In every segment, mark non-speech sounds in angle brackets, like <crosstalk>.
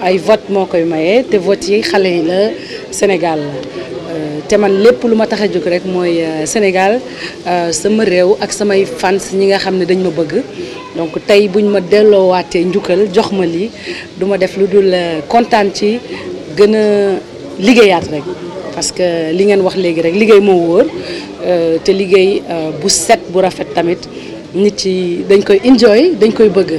ay vote moo koy maye te vote yi xale yi la Sénégal la euh, te man lépp lu ma tax a jóg rek mooy euh, Sénégal euh, sama réew ak samay fans ñi nga xam ne dañ ma bëgg donc tey buñ ma delloowaatee njukkal jox ma lii du ma def lu dul kontaan ci gën a liggéeyaat rek parce que li ngeen wax léegi rek liggéey moo wóor te liggéey bu set bu rafet tamit nit yi dañ koy enjoy dañ koy bëgg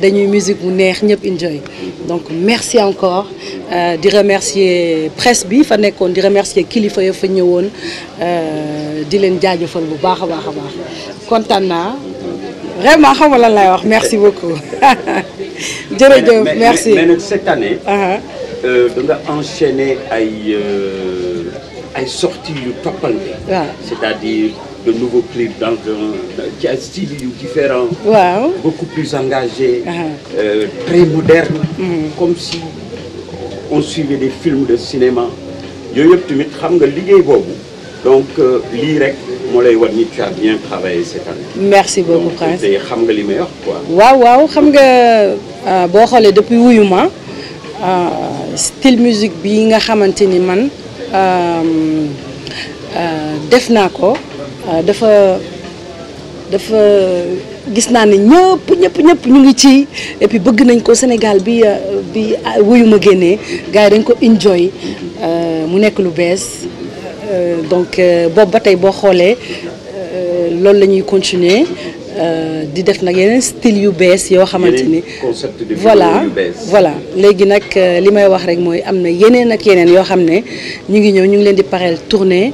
dañuy musique bu neex ñep enjoy donc merci encore euh, di remercier presse bi fa nekkon di remercier kilifa ya fa euh di len jaajeufal bu baax a baax a vraiment xam nga lan lay wax merci beaucoup <laughs> jërëjëf merci mais cette année. Uh-huh. euh nga enchaîner ay euh, ay sorties yu toppal. c'est-à-dire de nouveaux clips dans un, un style différent, beaucoup plus engagé, ah. euh, très moderne, mm-hmm. comme si on suivait des films de cinéma. Donc, euh, tu as bien travaillé cette année. Merci beaucoup, Donc, Prince. Tu sais les meilleurs, quoi. Waouh, waouh, je sais que depuis 8 mois, euh, style musique, je sais que je quoi. Euh, dafa dafa gis naa ne ñëpp ñëpp ñëpp ñu ngi ci et puis bëgg nañ ko Sénégal bi euh, bi euh, wuyuma génnee gars yi dañ ko enjoy mu nekk lu bees donc boobu ba tey boo xoolee loolu la ñuy continuer di def nag yeneen style yu bees yoo xamante ni voilà voilà léegi nag li may wax rek mooy am na yeneen ak yeneen yoo xam ne ñu ngi ñëw ñu ngi leen di pareel tournée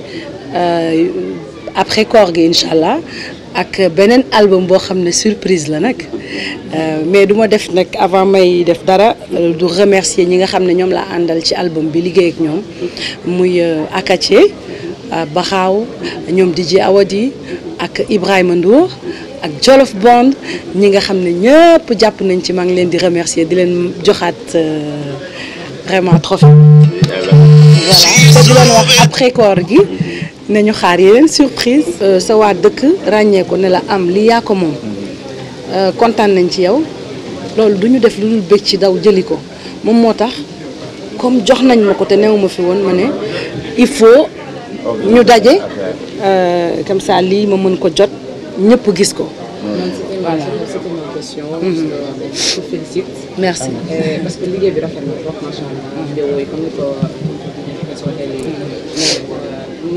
après koor gi incha allah ak beneen album boo xam ne surprise la nag euh, mais du ma def nag avant may def dara du remercier ñi nga xam ne ñoom laa àndal ci album bi liggéey ak ñoom muy euh, Akathie euh, Baxaaw ñoom di DJ Awadi ak Ibrahima Ndour ak Jolof Bond ñi nga xam ne ñëpp jàpp nañ ci maa ngi leen di remercier di leen joxaat vraiment trophée voilà di leen wax après koor gi nañu xaar yeneen surprise euh, sa waa dëkk ràññee ko ne la am li yaa ko moom euh, kontaan nañ ci yow du def lu dul ci daw comme jox ma ko te il faut ñu daje euh, comme ça lii ma mën ko jot ñëpp gis ko merci. Mm-hmm. parce que liggéey bi na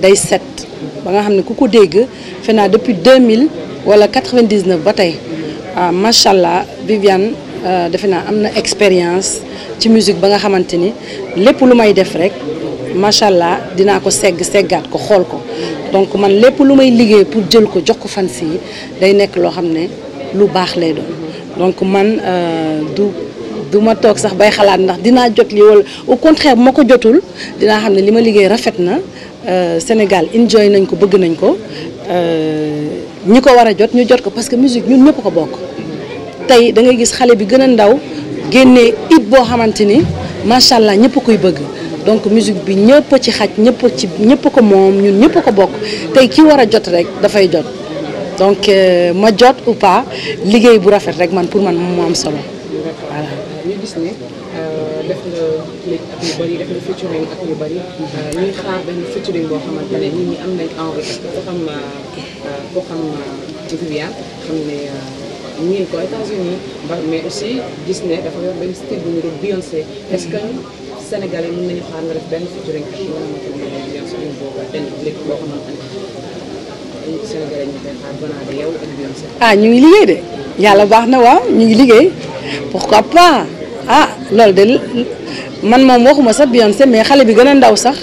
day set ba nga xamné kuko ku ko dégg fe depuis 2000 wala 99 batay tey ah, macha allah Viviane euh, defe naa am expérience ci musique ba nga xamante lepp lépp lu may def rek macha allah dinaa ko ségg ségat ko xol ko donc man lepp lu may liggéey pour djël ko jox ko fans yi day nek lo xamné lu bax lay do donc man euh, du du ma toog sax bay xalat ndax dina jot li wala au contraire mako ma ko jotul dinaa xam ne li rafet na Euh, Sénégal enjoy nañ ko bëgg nañ ko euh, ñi ko war a jot ñu jot ko parce que musique ñun ñëpp ko bokk tey da ngay gis xale bi gën a ndaw génne it boo xamante ni macha allah ñëpp koy bëgg donc musique bi ñëpp ci xaj ñëpp ci ñëpp ko moom ñun ñëpp ko bokk tey ki war a jot rek dafay jot donc euh, ma jot ou pas liggéey bu rafet rek man pour man moom am solo. voilà ñu gis ne euh, def nga léegi ak yu bëri def nga featuring ak yu bëri euh, ñuy xaar benn featuring boo xamante ne nit ñi am nañ envie parce que xam euh, koo xam Viviane xam ne ñu ko États-Unis mais aussi gis ne dafa yor benn style bu ñu doon Beyoncé est-ce que Sénégalais mën nañu xaar nga def benn featuring ak yoo xamante ne Beyoncé boo xamante ne ah ñu ngi liggéey de yàlla baax na waaw ñu ngi liggéey pourquoi pas ah loolu de man moom waxuma sa Beyoncé mais xale bi gën a ndaw sax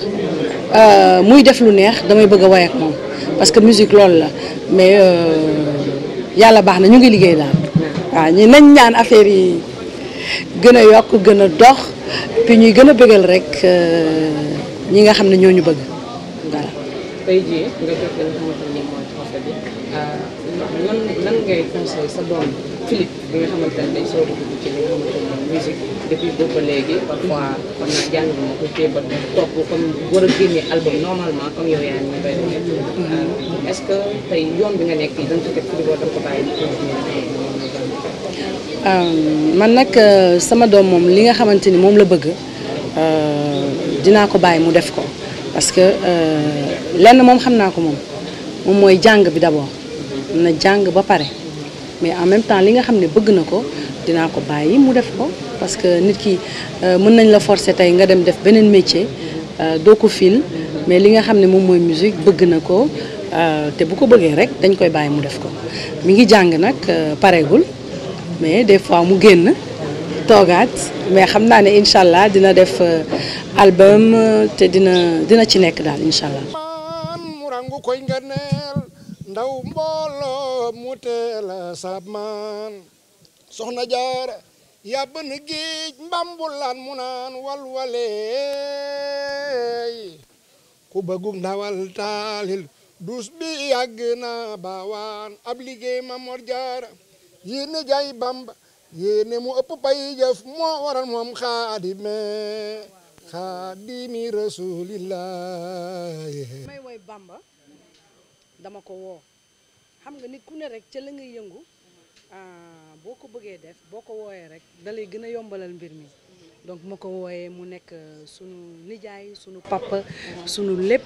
euh, muy def lu neex damay bëgg a way ak moom parce que musique loolu la mais euh, yàlla baax na ñu ngi liggéey daal waaw ah, ñu nañ ñaan affaire yi gën a yokk gën a dox puis ñuy gën a bëggal rek euh, ñi nga xam ne ñoo ñu bëgg sa doom Philippe bi nga xamante euh, ce que tey bi nga nekk da nga euh, man nag euh, sama doom moom li nga xamante ni moom la bëgg dinaa ko bàyyi mu def ko parce que lenn moom xam naa ko moom moom mooy jàng bi d'abord na jàng ba pare mais en même temps li nga xam ne bëgg na ko dinaa ko bàyyi mu def ko parce que nit ki euh, mën nañ la forcer tey nga dem def beneen métier euh, doo ko fil mais li nga xam ne moom mooy musique bëgg na ko euh, te bu ko bëggee rek dañ koy bàyyi mu def ko mu ngi jàng nag pareegul mais des fois mu génn toogaat mais xam naa ne incha allah dina def album te dina dina ci nekk daal incha allah. ndaw mbooloo mu teela sabmaan soxna jaara yàbb na géej mbambulaan mu naan walwaleey ku bëggug ndawal taalil dus bi yàgg na baawaan ab liggéey Mamor Jaara yéene jaay Bamba yéene mu ëpp pay jëf moo waral moom xaadime xaadimi rasuulillaahi dama ko woo xam nga ni ku ne rek ca la ngay yëngu ah, boo ko bëggee def boo ko wooyee rek da lay gën a yombalal mbir mi donc ma ko wooyee mu nekk euh, sunu nijaay sunu papa sunu lépp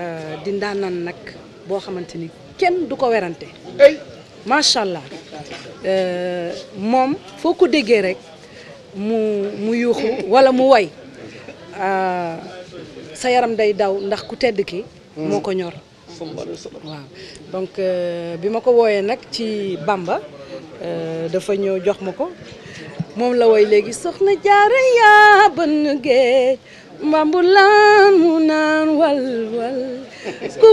euh, di ndaanaan nag boo xamante ni kenn du ko werante macha allah euh, moom foo ko déggee rek mu mu yuuxu wala mu way sa yaram day daw ndax ku tedd ki moo ko ñor sallallahu euh, alayhi bi ma ko wooyee nag ci Bamba euh, dafa ñëw jox ma ko moom la woy léegi soxna jaare yaa bën géej mbambu laan mu ku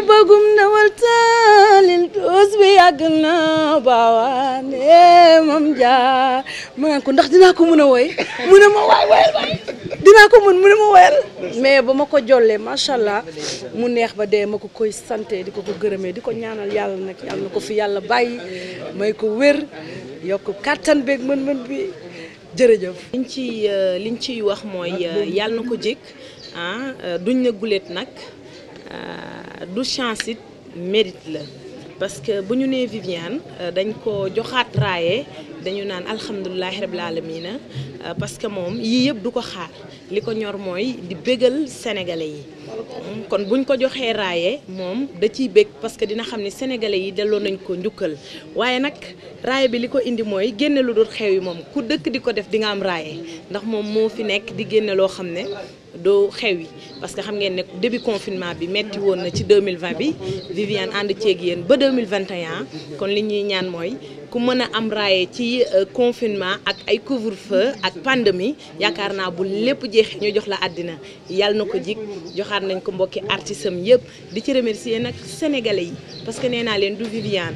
mam jaa ma naan ko ndax dinaa ko mën a woy ma waay waay waay dinaa ko mën mu ne ma wéyal mais ba ma ko jollee macha allah mu neex ba dee ma ko koy santee di ko ko gërëmee di ko ñaanal yàlla nag yàlla na ko fi yàlla bàyyi may ko wér yokk kàttan beeg mën-mën bi jërëjëf. liñ ciy euh, liñ ciy wax mooy euh, yàlla na ko jég ah euh, duñ na guléet nag du chance it mérite la. parce que bu ñu nee Viviane euh, dañ ko joxaat raaye dañu naan alhamdulilahi rabil alamina euh, parce que moom yii yëpp du ko xaar li ko ñor mooy di bégal sénégalais yi hmm, kon buñ ko joxee raaye moom da ciy bég parce que dina xam ni sénégalais yi delloo nañ ko njukkal waaye nag raaye bi li ko indi mooy génne lu dul xew yi moom ku dëkk di ko def dinga nga am raaye ndax moom moo fi nekk di génne loo xam ne do xew yi parce que xam ngeen ne début confinement bi metti woon na ci 2020 bi Viviane ànd ceeg yéen ba 2021 kon li ñuy ñaan mooy ku mën a am raaye ci euh, confinement ak ay couvre-feu ak pandémie yaakaar naa bu lépp jeexee ñu jox la àddina yàlla na ko jig joxaat nañ ko mbokki artisam yëpp di ci remercier nag sénégalais yi parce que nee naa leen du Viviane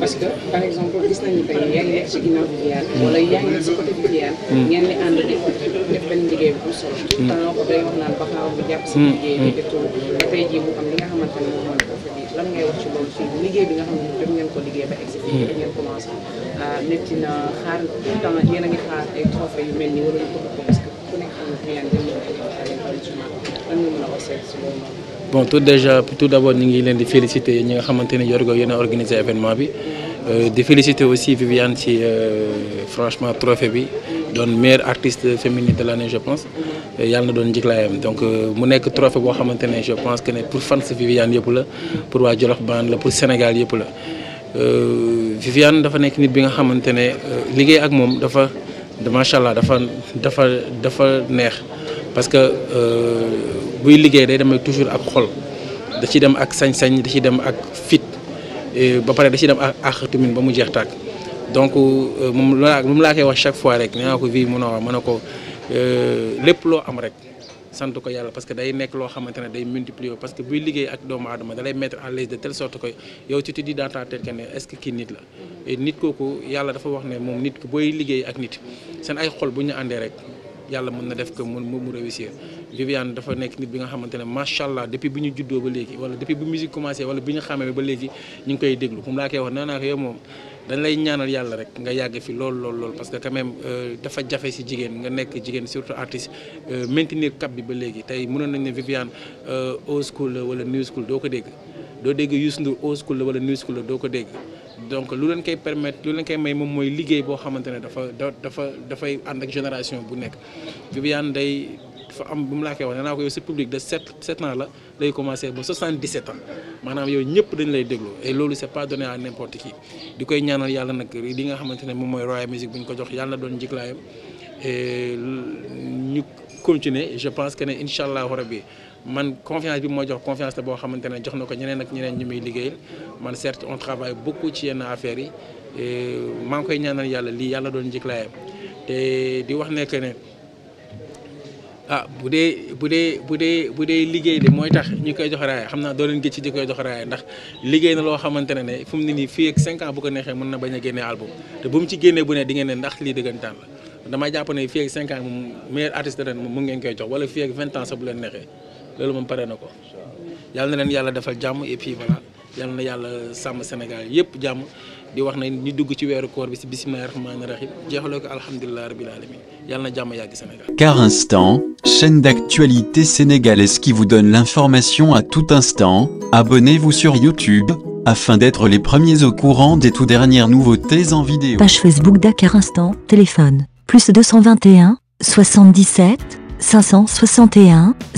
parce que par exemple gis nañu tey yaa ngi nekk ci ginnaaw Viviane. wala yaa ngi nekk ci côté Viviane. ngeen di ànd def def benn def tool lan ngay wax ci liggéey bi nga xam ne def ngeen ko liggéey ba egg si fii da ngeen commencé métti na a ngi xaar ay trophée yu mel nii wala ñu ko parce que ne Viviane ay trophée yu bëri a wax seet si loolu bon tout déjà tout d'abord ñu ngi leen di féliciter ñi nga xamante ne Yorgo organisé événement bi euh, di féliciter aussi Viviane ci euh, franchement trophée bi doon meilleure artiste féminine de l'année je pense euh, yàlla na doon njiglaayam donc mu nekk trophée boo xamante je pense que pour fans de Viviane yëpp la pour waa Jolof Band la pour Sénégal yëpp la Viviane dafa nekk nit bi nga xamante ne liggéey ak moom dafa macha allah dafa dafa dafa neex. parce que euh, buy liggéey day dem demee toujours ak xol da ci dem ak sañ-sañ da ci dem ak fit ba pare da ci dem ak àq tamit ba mu jeex tàkk donc euh, moom laa moom laa koy wax chaque fois rek nee naa ko vie mun a wax mën a ko euh, lépp loo am rek sant ko yàlla parce que day nekk loo xamante ne day multiplier parce que buy liggéey ak doomu aadama dalay mettre à l'aise de telle sorte que yow tu te dis dans ta que ne est-ce que kii nit la nit kooku yàlla dafa wax ne moom nit ku booy liggéey ak nit seen àndee rek yalla mën na def que mu mu réussir Viviane dafa nekk nit bi nga xamantene ne depuis biñu ñu juddoo ba léegi wala depuis bi musique commencé wala biñu xamé ba léegi ñu ngi koy déglu comme la kay wax nee naa ko yow moom dañ lay ñaanal yàlla rek nga yàgg fi lool lool lool parce que quand même euh, dafa jafe si jigéen nga nekk jigéen surtout artiste euh, maintenir cap bi ba léegi tey mënoon nañ ne Viviane au euh, school wala new school doo ko dégg doo dégg Youssou au school wala new school la doo ko dégg donc lu leen koy permettre lu leen koy may moom mooy liggéey boo xamante ne dafa dafa dafay ànd ak génération bu nekk Viviane day dafa am bu mu laa koy wax nee ko yow public de sept sept ans la day commencé ba 77 ans maanaam yow ñëpp dañ lay déglu et loolu c'est pas donné à n'importe qui di koy ñaanal yàlla nag li nga xamante ne moom mooy Royal Music bu ñu ko jox yàlla na doon njiglaayam et ñu continuer je pense que ne incha allahu rabbi man confiance bi moo jox confiance la boo xamante ne jox na ko ñeneen ak ñeneen ñu muy liggéeyal man certes on travaille beaucoup ci yenn affaires yi maa ngi koy ñaanal yàlla lii yàlla doon njëkklaayam te di wax ne que ne ah bu dee bu dee bu dee bu dee liggéey de mooy tax ñu koy jox raaya xam naa doo leen gis ci ñu koy jox raaya ndax liggéey na loo xamante ne ne fu mu ne nii fii ak 5 ans bu ko neexee mën na bañ a génnee album te bu mu ci génnee bu ne di ngeen ne ndax lii dëggantaan la dama jàpp ne fii ak 5 ans moom meilleur artiste ren moom mu ngeen koy jox wala fii ak 20 ans sa bu leen neexee. Car Instant, chaîne d'actualité sénégalaise qui vous donne l'information à tout instant, abonnez-vous sur YouTube afin d'être les premiers au courant des tout dernières nouveautés en vidéo. Page Facebook Dakar Instant, téléphone, plus 221, 77, 561,